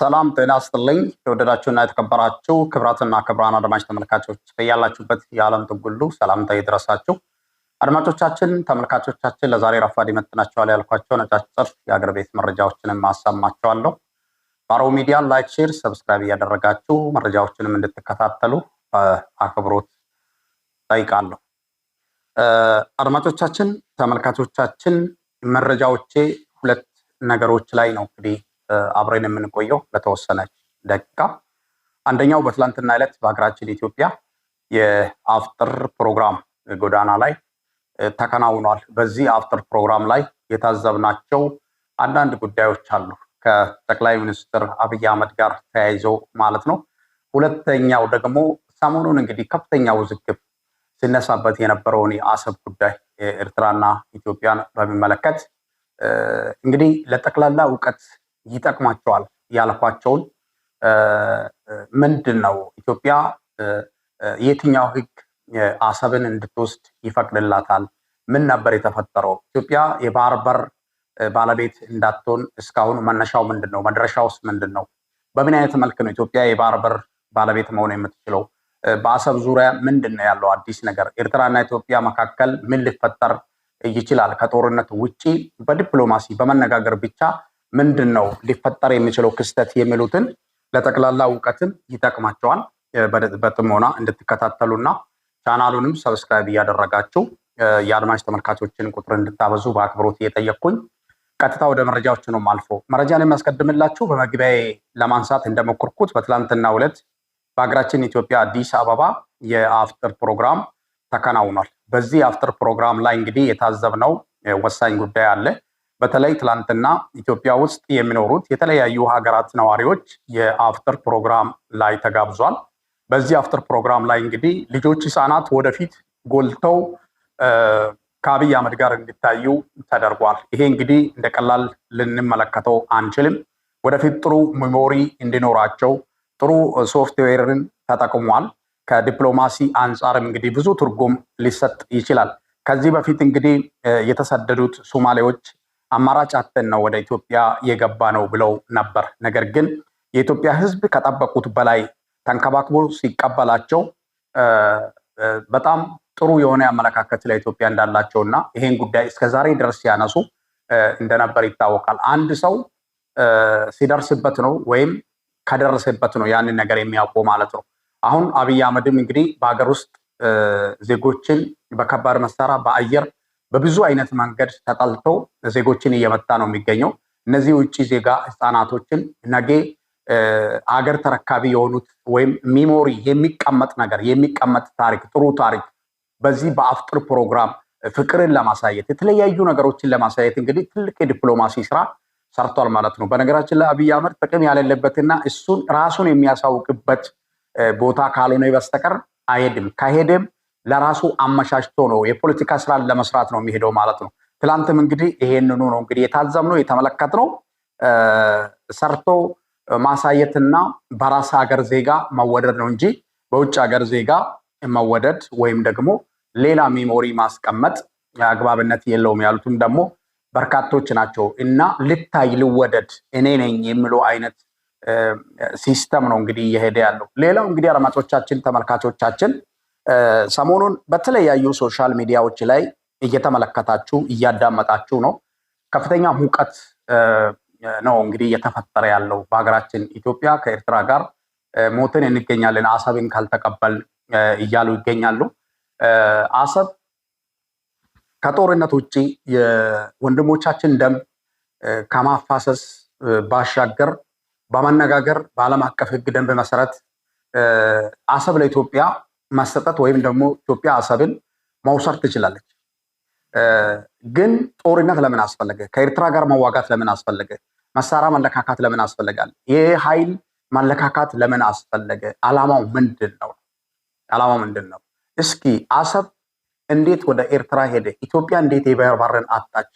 ሰላም ጤና ይስጥልኝ። የተወደዳችሁና የተከበራችሁ ክብራትና ክብራን አድማጭ ተመልካቾች በያላችሁበት የዓለም ጥጉሉ ሰላምታ ይድረሳችሁ። አድማጮቻችን፣ ተመልካቾቻችን ለዛሬ ረፋድ ይመጥናቸዋል ያልኳቸው ነጫጭር የአገር ቤት መረጃዎችንም አሰማቸዋለሁ። ባሮው ሚዲያ ላይክ፣ ሼር፣ ሰብስክራይብ እያደረጋችሁ መረጃዎችንም እንድትከታተሉ በአክብሮት ጠይቃለሁ። አድማጮቻችን፣ ተመልካቾቻችን መረጃዎቼ ሁለት ነገሮች ላይ ነው እንግዲህ አብረን የምንቆየው ለተወሰነች ደቂቃ። አንደኛው በትላንትና ዕለት በሀገራችን ኢትዮጵያ የአፍጥር ፕሮግራም ጎዳና ላይ ተከናውኗል። በዚህ አፍጥር ፕሮግራም ላይ የታዘብናቸው አንዳንድ ጉዳዮች አሉ ከጠቅላይ ሚኒስትር አብይ አህመድ ጋር ተያይዞ ማለት ነው። ሁለተኛው ደግሞ ሰሞኑን እንግዲህ ከፍተኛ ውዝግብ ሲነሳበት የነበረውን የአሰብ ጉዳይ ኤርትራና ኢትዮጵያን በሚመለከት እንግዲህ ለጠቅላላ እውቀት ይጠቅማቸዋል ያልኳቸውን ምንድን ነው ኢትዮጵያ የትኛው ህግ አሰብን እንድትወስድ ይፈቅድላታል? ምን ነበር የተፈጠረው? ኢትዮጵያ የባህር በር ባለቤት እንዳትሆን እስካሁን መነሻው ምንድን ነው? መድረሻውስ ምንድን ነው? በምን አይነት መልክ ነው ኢትዮጵያ የባህር በር ባለቤት መሆን የምትችለው? በአሰብ ዙሪያ ምንድን ነው ያለው አዲስ ነገር? ኤርትራና ኢትዮጵያ መካከል ምን ሊፈጠር ይችላል? ከጦርነት ውጪ በዲፕሎማሲ በመነጋገር ብቻ ምንድን ነው ሊፈጠር የሚችለው ክስተት የሚሉትን ለጠቅላላ እውቀትም ይጠቅማቸዋል። በጥሞና እንድትከታተሉና ቻናሉንም ሰብስክራይብ እያደረጋችሁ የአድማጭ ተመልካቾችን ቁጥር እንድታበዙ በአክብሮት እየጠየቅኩኝ ቀጥታ ወደ መረጃዎች ነው አልፎ መረጃን የሚያስቀድምላችሁ በመግቢያዬ ለማንሳት እንደሞከርኩት በትላንትናው ዕለት በሀገራችን ኢትዮጵያ አዲስ አበባ የአፍጥር ፕሮግራም ተከናውኗል። በዚህ አፍተር ፕሮግራም ላይ እንግዲህ የታዘብነው ወሳኝ ጉዳይ አለ። በተለይ ትላንትና ኢትዮጵያ ውስጥ የሚኖሩት የተለያዩ ሀገራት ነዋሪዎች የአፍተር ፕሮግራም ላይ ተጋብዟል። በዚህ አፍተር ፕሮግራም ላይ እንግዲህ ልጆች፣ ህፃናት ወደፊት ጎልተው ከአብይ አህመድ ጋር እንዲታዩ ተደርጓል። ይሄ እንግዲህ እንደ ቀላል ልንመለከተው አንችልም። ወደፊት ጥሩ ሚሞሪ እንዲኖራቸው ጥሩ ሶፍትዌርን ተጠቅሟል። ከዲፕሎማሲ አንጻርም እንግዲህ ብዙ ትርጉም ሊሰጥ ይችላል። ከዚህ በፊት እንግዲህ የተሰደዱት ሶማሌዎች አማራጭ አተን ነው ወደ ኢትዮጵያ የገባ ነው ብለው ነበር። ነገር ግን የኢትዮጵያ ሕዝብ ከጠበቁት በላይ ተንከባክቦ ሲቀበላቸው በጣም ጥሩ የሆነ አመለካከት ለኢትዮጵያ እንዳላቸው እና ይሄን ጉዳይ እስከዛሬ ድረስ ሲያነሱ እንደነበር ይታወቃል። አንድ ሰው ሲደርስበት ነው ወይም ከደረሰበት ነው ያንን ነገር የሚያውቀው ማለት ነው። አሁን አብይ አህመድም እንግዲህ በሀገር ውስጥ ዜጎችን በከባድ መሳሪያ በአየር በብዙ አይነት መንገድ ተጠልቶ ዜጎችን እየመታ ነው የሚገኘው። እነዚህ ውጭ ዜጋ ህፃናቶችን ነገ አገር ተረካቢ የሆኑት ወይም ሚሞሪ የሚቀመጥ ነገር የሚቀመጥ ታሪክ ጥሩ ታሪክ በዚህ በአፍጥር ፕሮግራም ፍቅርን ለማሳየት የተለያዩ ነገሮችን ለማሳየት እንግዲህ ትልቅ የዲፕሎማሲ ስራ ሰርቷል ማለት ነው። በነገራችን ላይ አብይ አህመድ ጥቅም ያሌለበትና እሱን ራሱን የሚያሳውቅበት ቦታ ካልሆነ በስተቀር አይሄድም። ከሄደም ለራሱ አመቻችቶ ነው የፖለቲካ ስራን ለመስራት ነው የሚሄደው ማለት ነው። ትላንትም እንግዲህ ይሄንኑ ነው እንግዲህ የታዘብነው የተመለከትነው። ሰርቶ ማሳየትና በራስ ሀገር ዜጋ መወደድ ነው እንጂ በውጭ ሀገር ዜጋ መወደድ ወይም ደግሞ ሌላ ሚሞሪ ማስቀመጥ አግባብነት የለውም ያሉትም ደግሞ በርካቶች ናቸው። እና ልታይ ልወደድ እኔ ነኝ የሚለው አይነት ሲስተም ነው እንግዲህ እየሄደ ያለው። ሌላው እንግዲህ አድማጮቻችን፣ ተመልካቾቻችን ሰሞኑን በተለያዩ ሶሻል ሚዲያዎች ላይ እየተመለከታችሁ እያዳመጣችሁ ነው። ከፍተኛ ሙቀት ነው እንግዲህ እየተፈጠረ ያለው በሀገራችን ኢትዮጵያ ከኤርትራ ጋር ሞትን እንገኛለን አሰብን ካልተቀበል እያሉ ይገኛሉ። አሰብ ከጦርነት ውጭ የወንድሞቻችን ደም ከማፋሰስ ባሻገር በመነጋገር በዓለም አቀፍ ሕግ ደንብ መሰረት አሰብ ለኢትዮጵያ ማሰጠት ወይም ደግሞ ኢትዮጵያ አሰብን መውሰድ ትችላለች። ግን ጦርነት ለምን አስፈለገ? ከኤርትራ ጋር መዋጋት ለምን አስፈለገ? መሳሪያ መለካካት ለምን አስፈለጋል? ይሄ ኃይል መለካካት ለምን አስፈለገ? አላማው ምንድን ነው? አላማው ምንድን ነው? እስኪ አሰብ እንዴት ወደ ኤርትራ ሄደ? ኢትዮጵያ እንዴት የባህር በርን አጣች?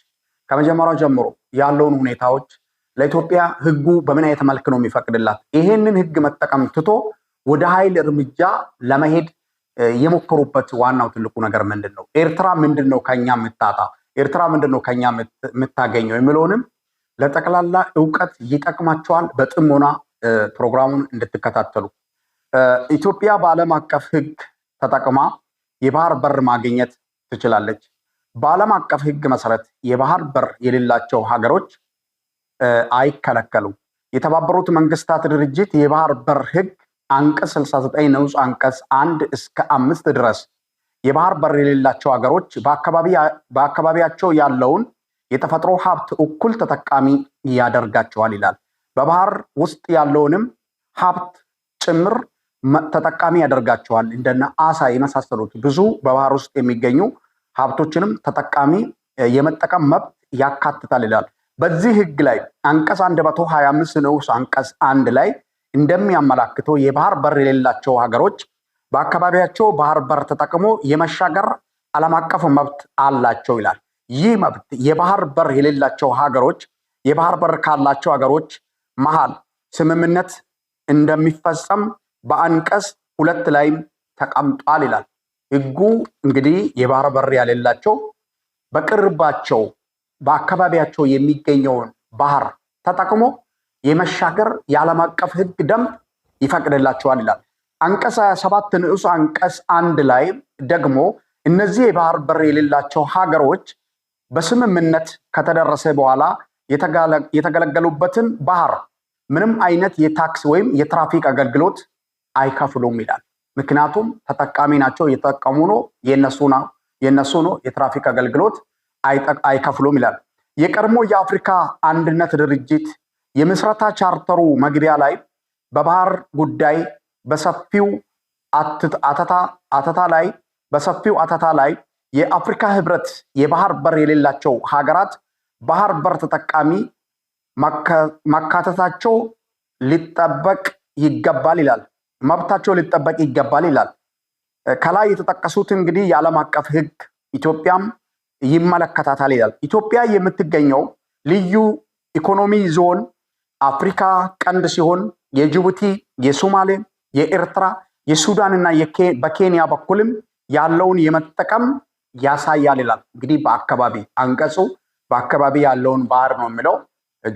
ከመጀመሪያው ጀምሮ ያለውን ሁኔታዎች ለኢትዮጵያ ህጉ በምን አይነት መልክ ነው የሚፈቅድላት? ይሄንን ህግ መጠቀም ትቶ ወደ ኃይል እርምጃ ለመሄድ የሞከሩበት ዋናው ትልቁ ነገር ምንድን ነው? ኤርትራ ምንድን ነው ከኛ የምታጣ ኤርትራ ምንድን ነው ከኛ የምታገኘው የሚለውንም ለጠቅላላ እውቀት ይጠቅማቸዋል። በጥሞና ፕሮግራሙን እንድትከታተሉ። ኢትዮጵያ በዓለም አቀፍ ሕግ ተጠቅማ የባህር በር ማግኘት ትችላለች። በዓለም አቀፍ ሕግ መሰረት የባህር በር የሌላቸው ሀገሮች አይከለከሉም። የተባበሩት መንግስታት ድርጅት የባህር በር ሕግ አንቀጽ 69 ንዑስ አንቀጽ አንድ እስከ አምስት ድረስ የባህር በር የሌላቸው ሀገሮች በአካባቢያቸው ያለውን የተፈጥሮ ሀብት እኩል ተጠቃሚ ያደርጋቸዋል ይላል። በባህር ውስጥ ያለውንም ሀብት ጭምር ተጠቃሚ ያደርጋቸዋል። እንደነ አሳ የመሳሰሉት ብዙ በባህር ውስጥ የሚገኙ ሀብቶችንም ተጠቃሚ የመጠቀም መብት ያካትታል ይላል። በዚህ ህግ ላይ አንቀጽ 125 ንዑስ አንቀጽ አንድ ላይ እንደሚያመላክተው የባህር በር የሌላቸው ሀገሮች በአካባቢያቸው ባህር በር ተጠቅሞ የመሻገር ዓለም አቀፍ መብት አላቸው ይላል። ይህ መብት የባህር በር የሌላቸው ሀገሮች የባህር በር ካላቸው ሀገሮች መሃል ስምምነት እንደሚፈጸም በአንቀጽ ሁለት ላይም ተቀምጧል ይላል። ህጉ እንግዲህ የባህር በር ያሌላቸው በቅርባቸው በአካባቢያቸው የሚገኘውን ባህር ተጠቅሞ የመሻገር የዓለም አቀፍ ህግ ደንብ ይፈቅድላቸዋል ይላል። አንቀጽ 27 ንዑስ አንቀጽ አንድ ላይ ደግሞ እነዚህ የባህር በር የሌላቸው ሀገሮች በስምምነት ከተደረሰ በኋላ የተገለገሉበትን ባህር ምንም አይነት የታክስ ወይም የትራፊክ አገልግሎት አይከፍሉም ይላል። ምክንያቱም ተጠቃሚ ናቸው፣ የተጠቀሙ ነው፣ የነሱ ነው። የትራፊክ አገልግሎት አይከፍሉም ይላል። የቀድሞ የአፍሪካ አንድነት ድርጅት የምስረታ ቻርተሩ መግቢያ ላይ በባህር ጉዳይ በሰፊው አተታ ላይ በሰፊው አተታ ላይ የአፍሪካ ህብረት የባህር በር የሌላቸው ሀገራት ባህር በር ተጠቃሚ መካተታቸው ሊጠበቅ ይገባል ይላል። መብታቸው ሊጠበቅ ይገባል ይላል። ከላይ የተጠቀሱት እንግዲህ የዓለም አቀፍ ህግ ኢትዮጵያም ይመለከታታል ይላል። ኢትዮጵያ የምትገኘው ልዩ ኢኮኖሚ ዞን አፍሪካ ቀንድ ሲሆን የጅቡቲ፣ የሶማሌ፣ የኤርትራ፣ የሱዳን እና በኬንያ በኩልም ያለውን የመጠቀም ያሳያል ይላል። እንግዲህ በአካባቢ አንቀጹ በአካባቢ ያለውን ባህር ነው የሚለው።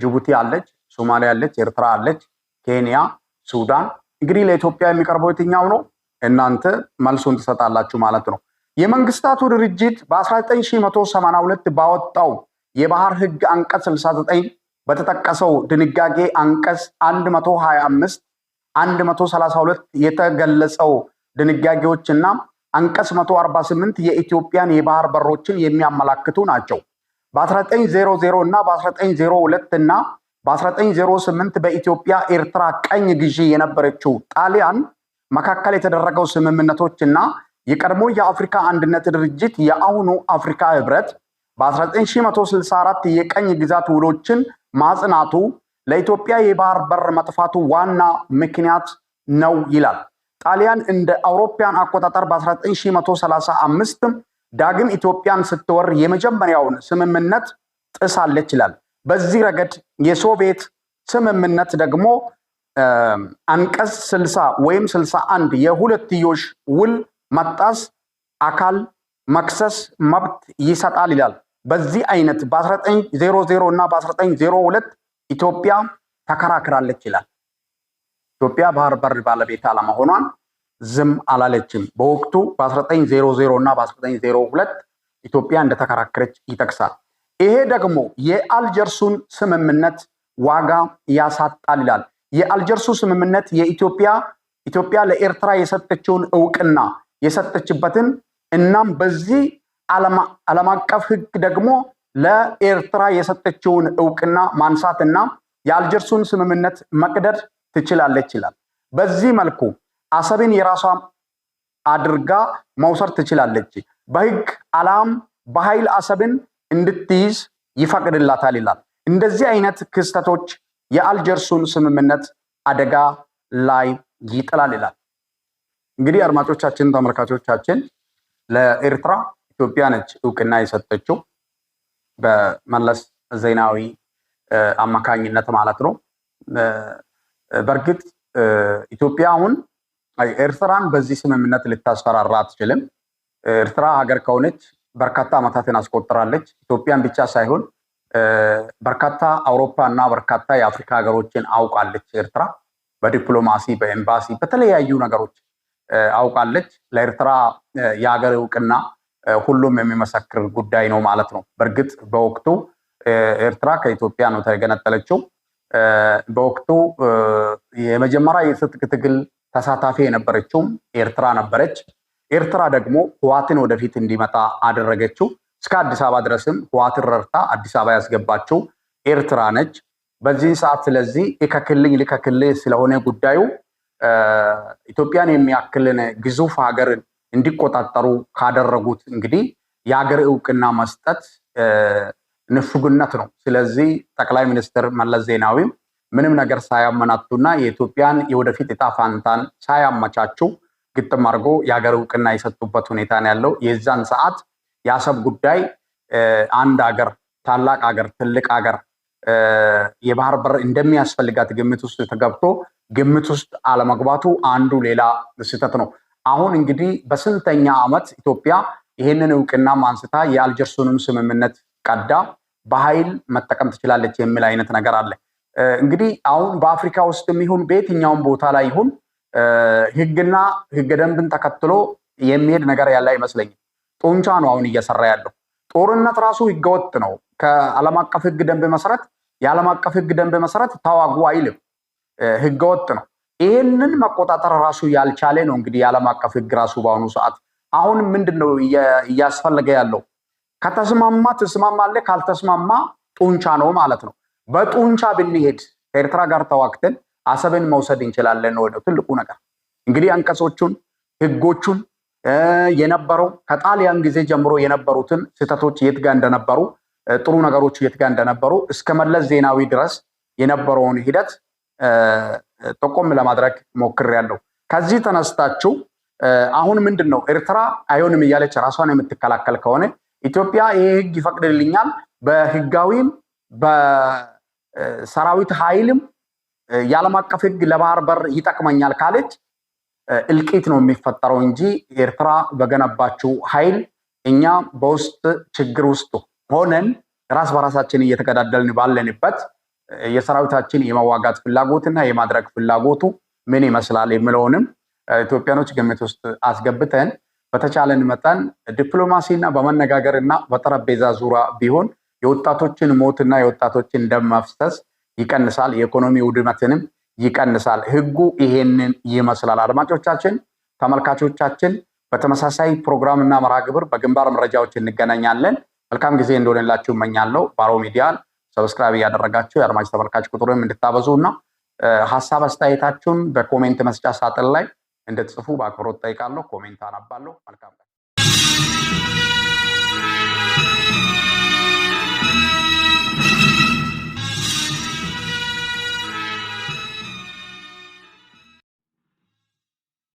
ጅቡቲ አለች፣ ሶማሌ አለች፣ ኤርትራ አለች፣ ኬንያ፣ ሱዳን። እንግዲህ ለኢትዮጵያ የሚቀርበው የትኛው ነው? እናንተ መልሱን ትሰጣላችሁ ማለት ነው። የመንግስታቱ ድርጅት በ1982 ባወጣው የባህር ህግ አንቀጽ 69 በተጠቀሰው ድንጋጌ አንቀጽ 125 132 የተገለጸው ድንጋጌዎችና አንቀጽ 148 የኢትዮጵያን የባህር በሮችን የሚያመላክቱ ናቸው። በ1900 እና በ1902 እና በ1908 በኢትዮጵያ ኤርትራ ቀኝ ግዢ የነበረችው ጣሊያን መካከል የተደረገው ስምምነቶች እና የቀድሞ የአፍሪካ አንድነት ድርጅት የአሁኑ አፍሪካ ህብረት በ1964 የቀኝ ግዛት ውሎችን ማጽናቱ ለኢትዮጵያ የባህር በር መጥፋቱ ዋና ምክንያት ነው ይላል። ጣሊያን እንደ አውሮፓያን አቆጣጠር በ1935 ዳግም ኢትዮጵያን ስትወር የመጀመሪያውን ስምምነት ጥሳለች ይላል። በዚህ ረገድ የሶቪየት ስምምነት ደግሞ አንቀጽ 60 ወይም 61 የሁለትዮሽ ውል መጣስ አካል መክሰስ መብት ይሰጣል ይላል። በዚህ አይነት በ1900 እና በ1902 ኢትዮጵያ ተከራክራለች ይላል። ኢትዮጵያ ባህር በር ባለቤት አለመሆኗን ዝም አላለችም። በወቅቱ በ1900 እና በ1902 ኢትዮጵያ እንደተከራከረች ይጠቅሳል። ይሄ ደግሞ የአልጀርሱን ስምምነት ዋጋ ያሳጣል ይላል። የአልጀርሱ ስምምነት የኢትዮጵያ ኢትዮጵያ ለኤርትራ የሰጠችውን እውቅና የሰጠችበትን እናም በዚህ ዓለም አቀፍ ሕግ ደግሞ ለኤርትራ የሰጠችውን እውቅና ማንሳትና የአልጀርሱን ስምምነት መቅደድ ትችላለች ይላል። በዚህ መልኩ አሰብን የራሷ አድርጋ መውሰድ ትችላለች። በሕግ አላም በኃይል አሰብን እንድትይዝ ይፈቅድላታል ይላል። እንደዚህ አይነት ክስተቶች የአልጀርሱን ስምምነት አደጋ ላይ ይጥላል ይላል። እንግዲህ አድማጮቻችን፣ ተመልካቾቻችን ለኤርትራ ኢትዮጵያ ነች እውቅና የሰጠችው በመለስ ዜናዊ አማካኝነት ማለት ነው። በእርግጥ ኢትዮጵያ አሁን ኤርትራን በዚህ ስምምነት ልታስፈራራ አትችልም። ኤርትራ ሀገር ከሆነች በርካታ ዓመታትን አስቆጥራለች። ኢትዮጵያን ብቻ ሳይሆን በርካታ አውሮፓ እና በርካታ የአፍሪካ ሀገሮችን አውቃለች። ኤርትራ በዲፕሎማሲ በኤምባሲ፣ በተለያዩ ነገሮች አውቃለች። ለኤርትራ የሀገር እውቅና ሁሉም የሚመሰክር ጉዳይ ነው ማለት ነው። በእርግጥ በወቅቱ ኤርትራ ከኢትዮጵያ ነው ተገነጠለችው በወቅቱ የመጀመሪያ የትጥቅ ትግል ተሳታፊ የነበረችውም ኤርትራ ነበረች። ኤርትራ ደግሞ ህዋትን ወደፊት እንዲመጣ አደረገችው። እስከ አዲስ አበባ ድረስም ህዋትን ረርታ አዲስ አበባ ያስገባችው ኤርትራ ነች። በዚህ ሰዓት ስለዚህ ልከክልኝ ልከክልህ ስለሆነ ጉዳዩ ኢትዮጵያን የሚያክልን ግዙፍ ሀገርን እንዲቆጣጠሩ ካደረጉት እንግዲህ የሀገር እውቅና መስጠት ንፉግነት ነው። ስለዚህ ጠቅላይ ሚኒስትር መለስ ዜናዊም ምንም ነገር ሳያመናቱና የኢትዮጵያን የወደፊት እጣ ፋንታን ሳያመቻቹ ግጥም አድርጎ የሀገር እውቅና የሰጡበት ሁኔታ ነው ያለው። የዛን ሰዓት የአሰብ ጉዳይ አንድ ሀገር ታላቅ ሀገር ትልቅ ሀገር የባህር በር እንደሚያስፈልጋት ግምት ውስጥ ተገብቶ ግምት ውስጥ አለመግባቱ አንዱ ሌላ ስህተት ነው። አሁን እንግዲህ በስንተኛ ዓመት ኢትዮጵያ ይሄንን እውቅና ማንስታ የአልጀርሱንም ስምምነት ቀዳ በኃይል መጠቀም ትችላለች የሚል አይነት ነገር አለ። እንግዲህ አሁን በአፍሪካ ውስጥም ይሁን በየትኛውም ቦታ ላይ ይሁን ህግና ህገ ደንብን ተከትሎ የሚሄድ ነገር ያለ አይመስለኝም። ጡንቻ ነው አሁን እየሰራ ያለው። ጦርነት ራሱ ህገወጥ ነው። ከዓለም አቀፍ ህግ ደንብ መሰረት የዓለም አቀፍ ህግ ደንብ መሰረት ታዋጉ አይልም፣ ህገወጥ ነው። ይህንን መቆጣጠር ራሱ ያልቻለ ነው እንግዲህ የዓለም አቀፍ ህግ ራሱ በአሁኑ ሰዓት። አሁን ምንድን ነው እያስፈለገ ያለው? ከተስማማ ትስማማለህ፣ ካልተስማማ ጡንቻ ነው ማለት ነው። በጡንቻ ብንሄድ ከኤርትራ ጋር ተዋክተን አሰብን መውሰድ እንችላለን ነው ትልቁ ነገር። እንግዲህ አንቀጾቹን ህጎቹን የነበረው ከጣሊያን ጊዜ ጀምሮ የነበሩትን ስህተቶች የት ጋር እንደነበሩ ጥሩ ነገሮች የት ጋር እንደነበሩ እስከ መለስ ዜናዊ ድረስ የነበረውን ሂደት ጠቆም ለማድረግ ሞክሬያለሁ። ከዚህ ተነስታችሁ አሁን ምንድን ነው ኤርትራ አይሆንም እያለች ራሷን የምትከላከል ከሆነ ኢትዮጵያ ይህ ህግ ይፈቅድልኛል፣ በህጋዊም በሰራዊት ኃይልም የዓለም አቀፍ ህግ ለባህር በር ይጠቅመኛል ካለች እልቂት ነው የሚፈጠረው እንጂ ኤርትራ በገነባችው ኃይል እኛ በውስጥ ችግር ውስጥ ሆነን ራስ በራሳችን እየተገዳደልን ባለንበት የሰራዊታችን የመዋጋት ፍላጎትና የማድረግ ፍላጎቱ ምን ይመስላል የሚለውንም ኢትዮጵያኖች ግምት ውስጥ አስገብተን በተቻለን መጠን ዲፕሎማሲና በመነጋገርና በጠረጴዛ ዙሪያ ቢሆን የወጣቶችን ሞትና የወጣቶችን ደም መፍሰስ ይቀንሳል፣ የኢኮኖሚ ውድመትንም ይቀንሳል። ህጉ ይሄንን ይመስላል። አድማጮቻችን፣ ተመልካቾቻችን በተመሳሳይ ፕሮግራምና መርሃ ግብር በግንባር መረጃዎች እንገናኛለን። መልካም ጊዜ እንደሆነላችሁ እመኛለሁ። ባሮ ሚዲያን ሰብስክራይብ እያደረጋችሁ የአድማጭ ተመልካች ቁጥሩም እንድታበዙ እና ሀሳብ አስተያየታችሁን በኮሜንት መስጫ ሳጥን ላይ እንድትጽፉ በአክብሮት ጠይቃለሁ። ኮሜንት አነባለሁ። መልካም